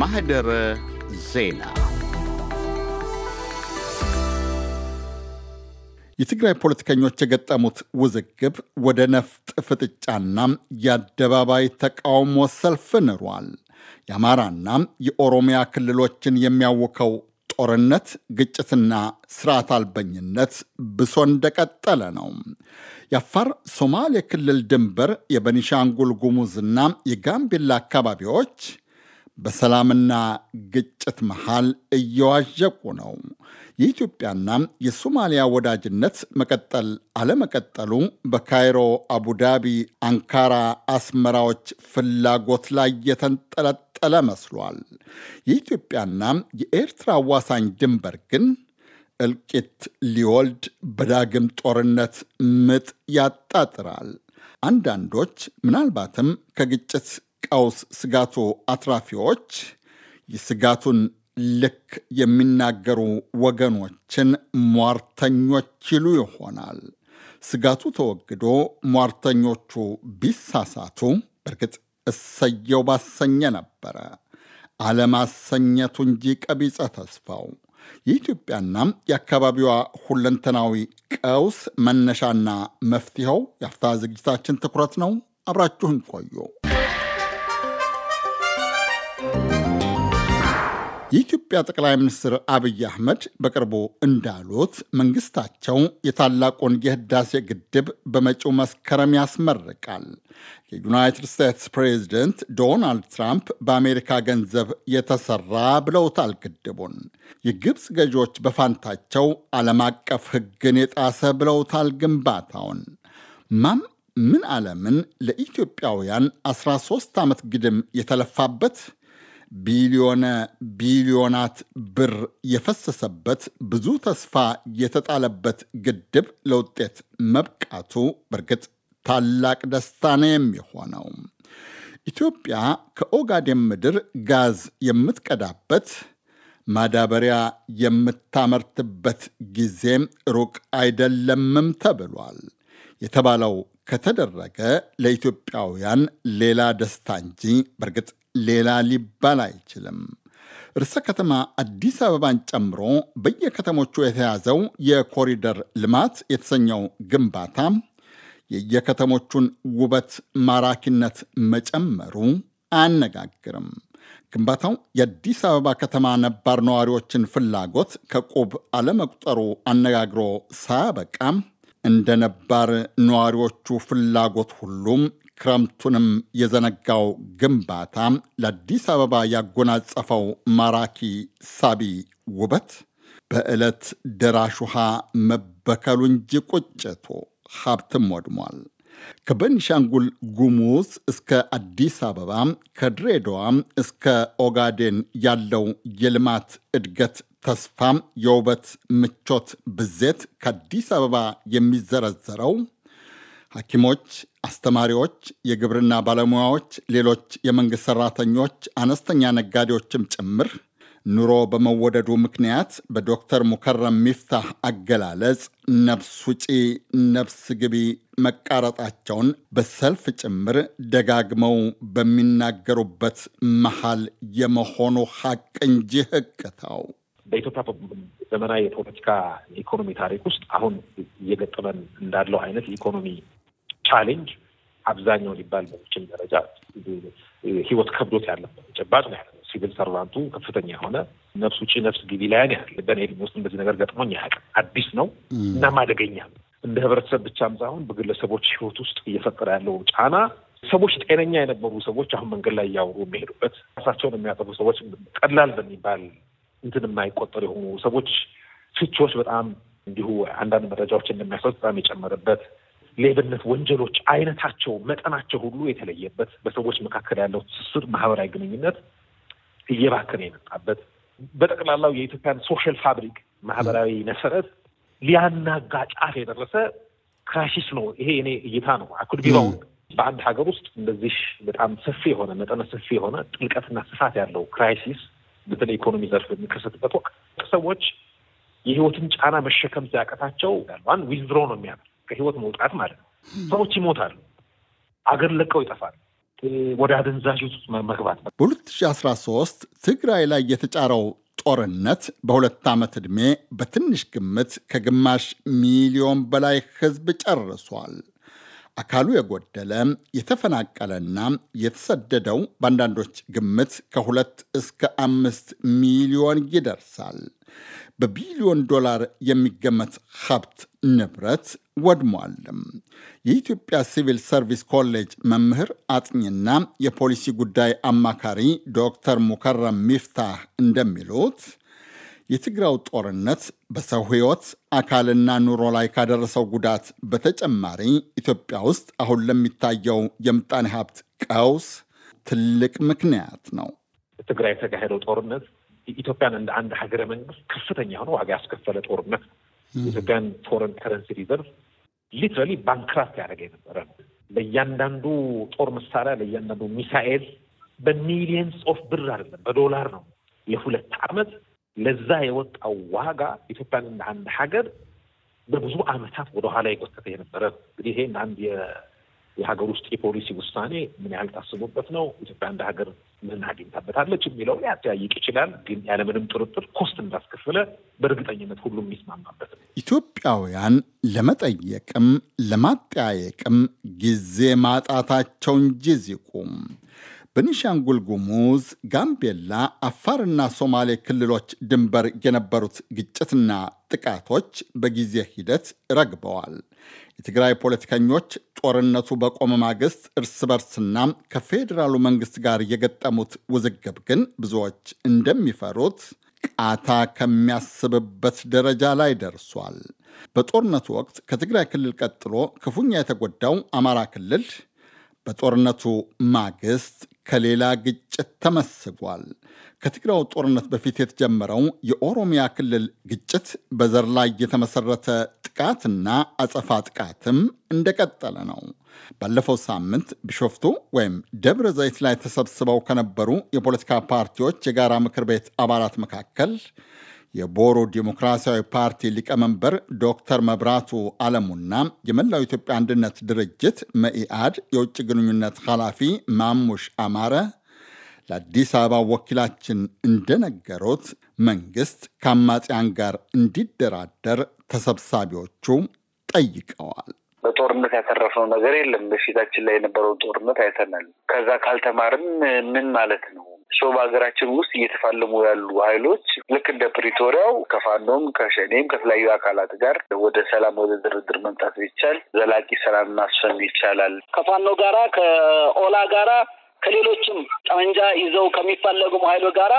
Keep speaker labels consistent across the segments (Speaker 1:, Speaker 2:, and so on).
Speaker 1: ማህደረ ዜና የትግራይ ፖለቲከኞች የገጠሙት ውዝግብ ወደ ነፍጥ ፍጥጫና የአደባባይ ተቃውሞ ሰልፍ ንሯል። የአማራና የኦሮሚያ ክልሎችን የሚያውከው ጦርነት፣ ግጭትና ስርዓት አልበኝነት ብሶ እንደቀጠለ ነው። የአፋር ሶማሌ ክልል ድንበር፣ የበኒሻንጉል ጉሙዝና የጋምቤላ አካባቢዎች በሰላምና ግጭት መሃል እየዋዠቁ ነው። የኢትዮጵያና የሶማሊያ ወዳጅነት መቀጠል አለመቀጠሉ በካይሮ፣ አቡዳቢ፣ አንካራ፣ አስመራዎች ፍላጎት ላይ የተንጠለጠለ መስሏል። የኢትዮጵያና የኤርትራ አዋሳኝ ድንበር ግን እልቂት ሊወልድ በዳግም ጦርነት ምጥ ያጣጥራል። አንዳንዶች ምናልባትም ከግጭት ቀውስ ስጋቱ አትራፊዎች የስጋቱን ልክ የሚናገሩ ወገኖችን ሟርተኞች ይሉ ይሆናል። ስጋቱ ተወግዶ ሟርተኞቹ ቢሳሳቱ በእርግጥ እሰየው ባሰኘ ነበረ። አለማሰኘቱ እንጂ ቀቢጸ ተስፋው የኢትዮጵያና የአካባቢዋ ሁለንተናዊ ቀውስ መነሻና መፍትሄው የአፍታ ዝግጅታችን ትኩረት ነው። አብራችሁን ቆዩ። የኢትዮጵያ ጠቅላይ ሚኒስትር አብይ አህመድ በቅርቡ እንዳሉት መንግስታቸው የታላቁን የህዳሴ ግድብ በመጪው መስከረም ያስመርቃል። የዩናይትድ ስቴትስ ፕሬዚደንት ዶናልድ ትራምፕ በአሜሪካ ገንዘብ የተሰራ ብለውታል ግድቡን። የግብፅ ገዢዎች በፋንታቸው ዓለም አቀፍ ህግን የጣሰ ብለውታል ግንባታውን። ማም ምን ዓለምን ለኢትዮጵያውያን 13 ዓመት ግድም የተለፋበት ቢሊዮነ ቢሊዮናት ብር የፈሰሰበት ብዙ ተስፋ የተጣለበት ግድብ ለውጤት መብቃቱ በእርግጥ ታላቅ ደስታ ነው የሚሆነው። ኢትዮጵያ ከኦጋዴን ምድር ጋዝ የምትቀዳበት ማዳበሪያ የምታመርትበት ጊዜም ሩቅ አይደለምም ተብሏል። የተባለው ከተደረገ ለኢትዮጵያውያን ሌላ ደስታ እንጂ በእርግጥ ሌላ ሊባል አይችልም። ርዕሰ ከተማ አዲስ አበባን ጨምሮ በየከተሞቹ የተያዘው የኮሪደር ልማት የተሰኘው ግንባታ የየከተሞቹን ውበት ማራኪነት መጨመሩ አያነጋግርም። ግንባታው የአዲስ አበባ ከተማ ነባር ነዋሪዎችን ፍላጎት ከቁብ አለመቁጠሩ አነጋግሮ ሳያበቃም እንደ ነባር ነዋሪዎቹ ፍላጎት ሁሉም ክረምቱንም የዘነጋው ግንባታ ለአዲስ አበባ ያጎናጸፈው ማራኪ ሳቢ ውበት በዕለት ደራሽ ውሃ መበከሉ እንጂ ቁጭቱ ሀብትም ወድሟል። ከበኒሻንጉል ጉሙዝ እስከ አዲስ አበባ ከድሬዳዋ እስከ ኦጋዴን ያለው የልማት እድገት ተስፋ የውበት ምቾት ብዜት ከአዲስ አበባ የሚዘረዘረው ሐኪሞች አስተማሪዎች፣ የግብርና ባለሙያዎች፣ ሌሎች የመንግሥት ሠራተኞች፣ አነስተኛ ነጋዴዎችም ጭምር ኑሮ በመወደዱ ምክንያት በዶክተር ሙከረም ሚፍታህ አገላለጽ ነፍስ ውጪ ነፍስ ግቢ መቃረጣቸውን በሰልፍ ጭምር ደጋግመው በሚናገሩበት መሃል የመሆኑ ሀቅ እንጂ ህቅታው
Speaker 2: በኢትዮጵያ ዘመናዊ የፖለቲካ ኢኮኖሚ ታሪክ ውስጥ አሁን እየገጠመን እንዳለው አይነት ኢኮኖሚ ቻሌንጅ አብዛኛው ሊባል በሚችል ደረጃ ህይወት ከብዶት ያለበት ተጨባጭ ነው ያለው። ሲቪል ሰርቫንቱ ከፍተኛ የሆነ ነፍስ ውጪ ነፍስ ግቢ ላይ ያህል በኔ ዕድሜ ውስጥ እንደዚህ ነገር ገጥሞ ያቅ አዲስ ነው እና ማደገኛ ነው። እንደ ህብረተሰብ ብቻም ሳይሆን በግለሰቦች ህይወት ውስጥ እየፈጠረ ያለው ጫና ሰዎች ጤነኛ የነበሩ ሰዎች አሁን መንገድ ላይ እያወሩ የሚሄዱበት ራሳቸውን የሚያጠፉ ሰዎች ቀላል በሚባል እንትን የማይቆጠር የሆኑ ሰዎች ፍቺዎች በጣም እንዲሁ አንዳንድ መረጃዎች እንደሚያሰጥ በጣም የጨመረበት ሌብነት ወንጀሎች አይነታቸው፣ መጠናቸው ሁሉ የተለየበት በሰዎች መካከል ያለው ትስስር፣ ማህበራዊ ግንኙነት እየባከነ የመጣበት በጠቅላላው የኢትዮጵያን ሶሻል ፋብሪክ ማህበራዊ መሰረት ሊያናጋ ጫፍ የደረሰ ክራይሲስ ነው። ይሄ እኔ እይታ ነው። አኩድ ቢባው በአንድ ሀገር ውስጥ እንደዚህ በጣም ሰፊ የሆነ መጠነ ሰፊ የሆነ ጥልቀትና ስፋት ያለው ክራይሲስ በተለይ ኢኮኖሚ ዘርፍ የሚከሰትበት ወቅት ሰዎች የህይወትን ጫና መሸከም ሲያቀታቸው ያለን ዊዝድሮ ነው የሚያደርግ ከህይወት መውጣት ማለት ነው። ሰዎች ይሞታሉ፣ አገር ለቀው ይጠፋል፣ ወደ አደንዛዥ ውስጥ መግባት።
Speaker 1: በ2013 ትግራይ ላይ የተጫረው ጦርነት በሁለት ዓመት ዕድሜ በትንሽ ግምት ከግማሽ ሚሊዮን በላይ ህዝብ ጨርሷል። አካሉ የጎደለ የተፈናቀለና የተሰደደው በአንዳንዶች ግምት ከሁለት እስከ አምስት ሚሊዮን ይደርሳል። በቢሊዮን ዶላር የሚገመት ሀብት ንብረት ወድሟልም። የኢትዮጵያ ሲቪል ሰርቪስ ኮሌጅ መምህር አጥኚና የፖሊሲ ጉዳይ አማካሪ ዶክተር ሙከረም ሚፍታህ እንደሚሉት የትግራው ጦርነት በሰው ሕይወት አካልና ኑሮ ላይ ካደረሰው ጉዳት በተጨማሪ ኢትዮጵያ ውስጥ አሁን ለሚታየው የምጣኔ ሀብት ቀውስ ትልቅ ምክንያት ነው።
Speaker 2: ትግራይ የተካሄደው ጦርነት ኢትዮጵያን እንደ አንድ ሀገረ መንግስት ከፍተኛ የሆነ ዋጋ ያስከፈለ ጦርነት ኢትዮጵያን ፎረን ከረንሲ ሪዘርቭ ሊትራሊ ባንክራፍት ያደረገ የነበረ ነው። ለእያንዳንዱ ጦር መሳሪያ፣ ለእያንዳንዱ ሚሳኤል በሚሊየንስ ኦፍ ብር አይደለም በዶላር ነው። የሁለት አመት ለዛ የወጣው ዋጋ ኢትዮጵያን እንደ አንድ ሀገር በብዙ ዓመታት ወደኋላ የጎተተ የነበረ ነው። እንግዲህ ይሄ እንደ አንድ የሀገር ውስጥ የፖሊሲ ውሳኔ ምን ያህል ታስቦበት ነው ኢትዮጵያ እንደ ሀገር ምን አግኝታበታለች የሚለው ሊያጠያይቅ ይችላል። ግን ያለምንም ጥርጥር ኮስት እንዳስከፈለ በእርግጠኝነት ሁሉም የሚስማማበት
Speaker 1: ነው። ኢትዮጵያውያን ለመጠየቅም ለማጠያየቅም ጊዜ ማጣታቸው እንጂ ዚቁም በኒሻንጉል ጉሙዝ፣ ጋምቤላ፣ አፋርና ሶማሌ ክልሎች ድንበር የነበሩት ግጭትና ጥቃቶች በጊዜ ሂደት ረግበዋል። የትግራይ ፖለቲከኞች ጦርነቱ በቆመ ማግስት እርስ በርስና ከፌዴራሉ መንግስት ጋር የገጠሙት ውዝግብ ግን ብዙዎች እንደሚፈሩት ቃታ ከሚያስብበት ደረጃ ላይ ደርሷል። በጦርነቱ ወቅት ከትግራይ ክልል ቀጥሎ ክፉኛ የተጎዳው አማራ ክልል በጦርነቱ ማግስት ከሌላ ግጭት ተመስጓል። ከትግራው ጦርነት በፊት የተጀመረው የኦሮሚያ ክልል ግጭት በዘር ላይ የተመሰረተ ጥቃትና አጸፋ ጥቃትም እንደቀጠለ ነው። ባለፈው ሳምንት ቢሾፍቱ ወይም ደብረ ዘይት ላይ ተሰብስበው ከነበሩ የፖለቲካ ፓርቲዎች የጋራ ምክር ቤት አባላት መካከል የቦሮ ዲሞክራሲያዊ ፓርቲ ሊቀመንበር ዶክተር መብራቱ አለሙና የመላው ኢትዮጵያ አንድነት ድርጅት መኢአድ የውጭ ግንኙነት ኃላፊ ማሙሽ አማረ ለአዲስ አበባ ወኪላችን እንደነገሩት መንግስት ከአማጽያን ጋር እንዲደራደር ተሰብሳቢዎቹ ጠይቀዋል።
Speaker 2: በጦርነት ያተረፍነው ነገር የለም። በፊታችን ላይ የነበረውን ጦርነት አይተናል። ከዛ ካልተማርም ምን ማለት ነው? ሰው በሀገራችን ውስጥ እየተፋለሙ ያሉ ኃይሎች ልክ እንደ ፕሪቶሪያው ከፋኖም ከሸኔም ከተለያዩ አካላት ጋር ወደ ሰላም ወደ ድርድር መምጣት ቢቻል ዘላቂ ሰላም ማስፈን ይቻላል። ከፋኖ ጋራ ከኦላ ጋራ ከሌሎችም ጠመንጃ ይዘው ከሚፋለጉ ሀይሎች ጋራ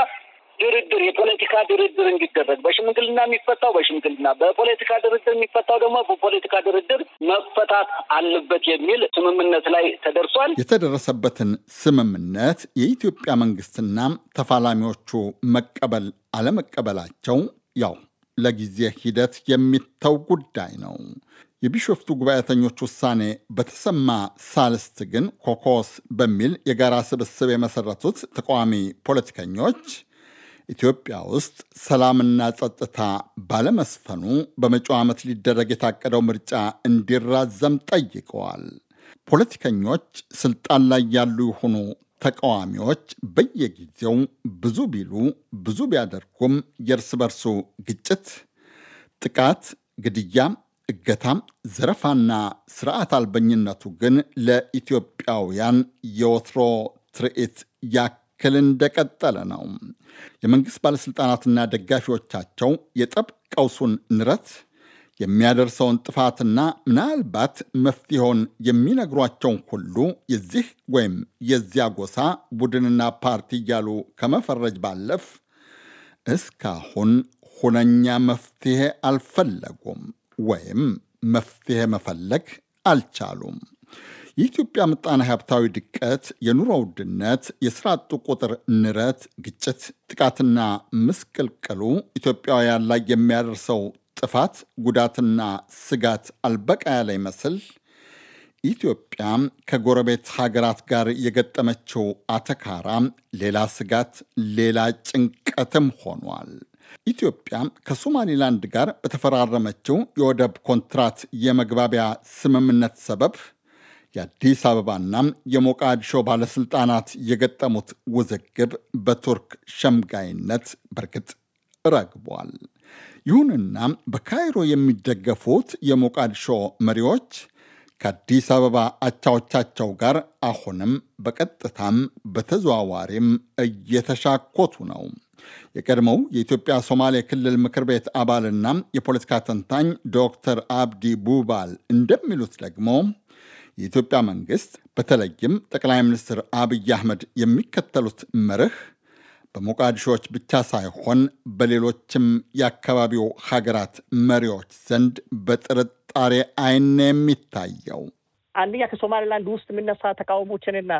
Speaker 2: ድርድር የፖለቲካ ድርድር እንዲደረግ በሽምግልና የሚፈታው በሽምግልና በፖለቲካ ድርድር የሚፈታው ደግሞ በፖለቲካ ድርድር መፈታት አለበት የሚል ስምምነት ላይ ተደርሷል።
Speaker 1: የተደረሰበትን ስምምነት የኢትዮጵያ መንግስትና ተፋላሚዎቹ መቀበል አለመቀበላቸው ያው ለጊዜ ሂደት የሚተው ጉዳይ ነው። የቢሾፍቱ ጉባኤተኞች ውሳኔ በተሰማ ሳልስት ግን ኮኮስ በሚል የጋራ ስብስብ የመሰረቱት ተቃዋሚ ፖለቲከኞች ኢትዮጵያ ውስጥ ሰላምና ጸጥታ ባለመስፈኑ በመጪው ዓመት ሊደረግ የታቀደው ምርጫ እንዲራዘም ጠይቀዋል። ፖለቲከኞች ስልጣን ላይ ያሉ የሆኑ ተቃዋሚዎች በየጊዜው ብዙ ቢሉ ብዙ ቢያደርጉም የእርስ በርሱ ግጭት፣ ጥቃት፣ ግድያ፣ እገታም፣ ዘረፋና ስርዓት አልበኝነቱ ግን ለኢትዮጵያውያን የወትሮ ትርኢት ያ ክክል እንደቀጠለ ነው። የመንግሥት ባለሥልጣናትና ደጋፊዎቻቸው የጠብ ቀውሱን ንረት የሚያደርሰውን ጥፋትና ምናልባት መፍትሄውን የሚነግሯቸውን ሁሉ የዚህ ወይም የዚያ ጎሳ ቡድንና ፓርቲ እያሉ ከመፈረጅ ባለፍ እስካሁን ሁነኛ መፍትሄ አልፈለጉም ወይም መፍትሄ መፈለግ አልቻሉም። የኢትዮጵያ ምጣኔ ሀብታዊ ድቀት፣ የኑሮ ውድነት፣ የስራ አጡ ቁጥር ንረት፣ ግጭት፣ ጥቃትና ምስቅልቅሉ ኢትዮጵያውያን ላይ የሚያደርሰው ጥፋት፣ ጉዳትና ስጋት አልበቃ ያለ ይመስል ኢትዮጵያ ከጎረቤት ሀገራት ጋር የገጠመችው አተካራ ሌላ ስጋት፣ ሌላ ጭንቀትም ሆኗል። ኢትዮጵያ ከሶማሊላንድ ጋር በተፈራረመችው የወደብ ኮንትራት የመግባቢያ ስምምነት ሰበብ የአዲስ አበባና የሞቃዲሾ ባለስልጣናት የገጠሙት ውዝግብ በቱርክ ሸምጋይነት በርግጥ ረግቧል። ይሁንና በካይሮ የሚደገፉት የሞቃዲሾ መሪዎች ከአዲስ አበባ አቻዎቻቸው ጋር አሁንም በቀጥታም በተዘዋዋሪም እየተሻኮቱ ነው። የቀድሞው የኢትዮጵያ ሶማሌ ክልል ምክር ቤት አባልና የፖለቲካ ተንታኝ ዶክተር አብዲ ቡባል እንደሚሉት ደግሞ የኢትዮጵያ መንግስት በተለይም ጠቅላይ ሚኒስትር አብይ አህመድ የሚከተሉት መርህ በሞቃዲሾዎች ብቻ ሳይሆን በሌሎችም የአካባቢው ሀገራት መሪዎች ዘንድ በጥርጣሬ አይን የሚታየው
Speaker 2: አንደኛ ከሶማሌላንድ ውስጥ የሚነሳ ተቃውሞችንና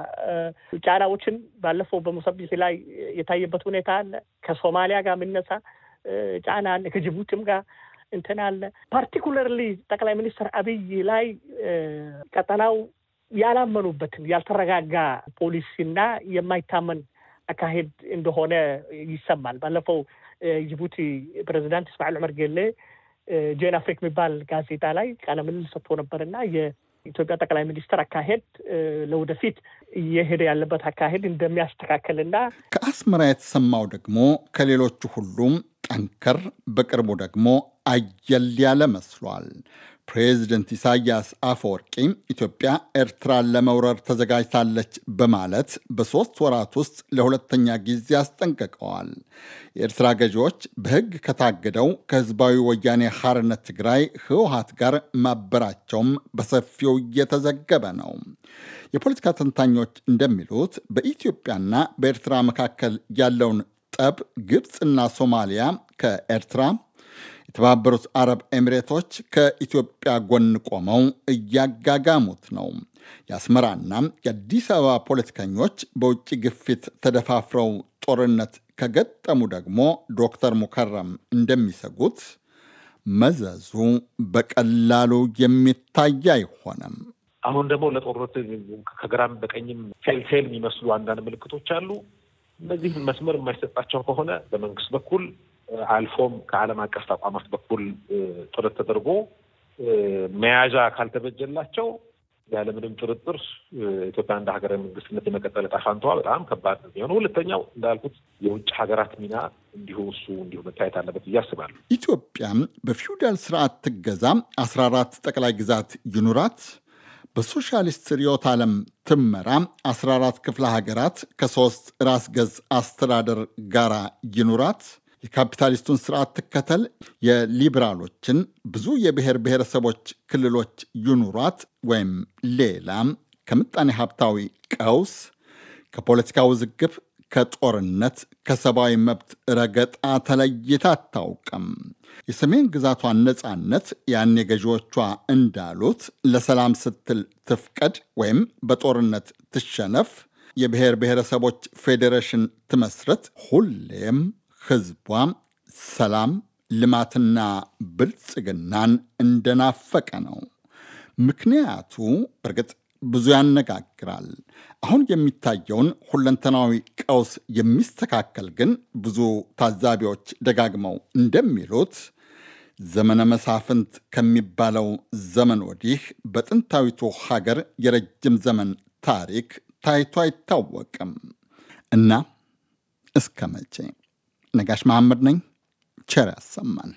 Speaker 2: ጫናዎችን ባለፈው በሞሰቢት ላይ የታየበት ሁኔታ አለ። ከሶማሊያ ጋር የሚነሳ ጫና አለ። ከጅቡቲም ጋር እንትን አለ። ፓርቲኩለርሊ ጠቅላይ ሚኒስትር አብይ ላይ ቀጠናው ያላመኑበትን ያልተረጋጋ ፖሊሲና የማይታመን አካሄድ እንደሆነ ይሰማል። ባለፈው ጅቡቲ ፕሬዚዳንት እስማኤል ዑመር ጌሌ ጄን አፍሪክ የሚባል ጋዜጣ ላይ ቃለ ምልልስ ሰጥቶ ነበርና የኢትዮጵያ ጠቅላይ ሚኒስትር አካሄድ ለወደፊት እየሄደ ያለበት አካሄድ እንደሚያስተካከልና
Speaker 1: ከአስመራ የተሰማው ደግሞ ከሌሎቹ ሁሉም ጠንከር፣ በቅርቡ ደግሞ አየል ያለ መስሏል። ፕሬዚደንት ኢሳያስ አፈወርቂ ኢትዮጵያ ኤርትራን ለመውረር ተዘጋጅታለች በማለት በሦስት ወራት ውስጥ ለሁለተኛ ጊዜ አስጠንቅቀዋል። የኤርትራ ገዢዎች በሕግ ከታገደው ከሕዝባዊ ወያኔ ሐርነት ትግራይ ህወሀት ጋር ማበራቸውም በሰፊው እየተዘገበ ነው። የፖለቲካ ተንታኞች እንደሚሉት በኢትዮጵያና በኤርትራ መካከል ያለውን ጠብ ግብፅና ሶማሊያ ከኤርትራ የተባበሩት አረብ ኤሚሬቶች ከኢትዮጵያ ጎን ቆመው እያጋጋሙት ነው። የአስመራና የአዲስ አበባ ፖለቲከኞች በውጭ ግፊት ተደፋፍረው ጦርነት ከገጠሙ ደግሞ ዶክተር ሙከረም እንደሚሰጉት መዘዙ በቀላሉ የሚታይ አይሆንም።
Speaker 2: አሁን ደግሞ ለጦርነት ከግራም በቀኝም ሴልሴል የሚመስሉ አንዳንድ ምልክቶች አሉ። እነዚህ መስመር የማይሰጣቸው ከሆነ በመንግስት በኩል አልፎም ከዓለም አቀፍ ተቋማት በኩል ጥረት ተደርጎ መያዣ ካልተበጀላቸው ያለምንም ጥርጥር ኢትዮጵያ እንደ ሀገረ መንግስትነት የመቀጠል ዕጣ ፈንታዋ በጣም ከባድ የሆነ ሁለተኛው እንዳልኩት የውጭ ሀገራት ሚና እንዲሁ እሱ እንዲሁ መታየት አለበት ብዬ አስባለሁ።
Speaker 1: ኢትዮጵያም በፊውዳል ስርዓት ትገዛ አስራ አራት ጠቅላይ ግዛት ይኑራት በሶሻሊስት ርዕዮተ ዓለም ትመራ 14 ክፍለ ሀገራት ከሶስት ራስ ገዝ አስተዳደር ጋር ይኑራት፣ የካፒታሊስቱን ስርዓት ትከተል፣ የሊበራሎችን ብዙ የብሔር ብሔረሰቦች ክልሎች ይኑሯት፣ ወይም ሌላም ከምጣኔ ሀብታዊ ቀውስ ከፖለቲካ ውዝግብ ከጦርነት፣ ከሰብአዊ መብት ረገጣ ተለይታ አታውቅም። የሰሜን ግዛቷን ነፃነት ያኔ ገዢዎቿ እንዳሉት ለሰላም ስትል ትፍቀድ ወይም በጦርነት ትሸነፍ፣ የብሔር ብሔረሰቦች ፌዴሬሽን ትመስረት፣ ሁሌም ህዝቧ ሰላም፣ ልማትና ብልጽግናን እንደናፈቀ ነው። ምክንያቱ እርግጥ ብዙ ያነጋግራል። አሁን የሚታየውን ሁለንተናዊ ቀውስ የሚስተካከል ግን ብዙ ታዛቢዎች ደጋግመው እንደሚሉት ዘመነ መሳፍንት ከሚባለው ዘመን ወዲህ በጥንታዊቱ ሀገር የረጅም ዘመን ታሪክ ታይቶ አይታወቅም እና እስከ መቼ? ነጋሽ መሐመድ ነኝ። ቸር ያሰማን።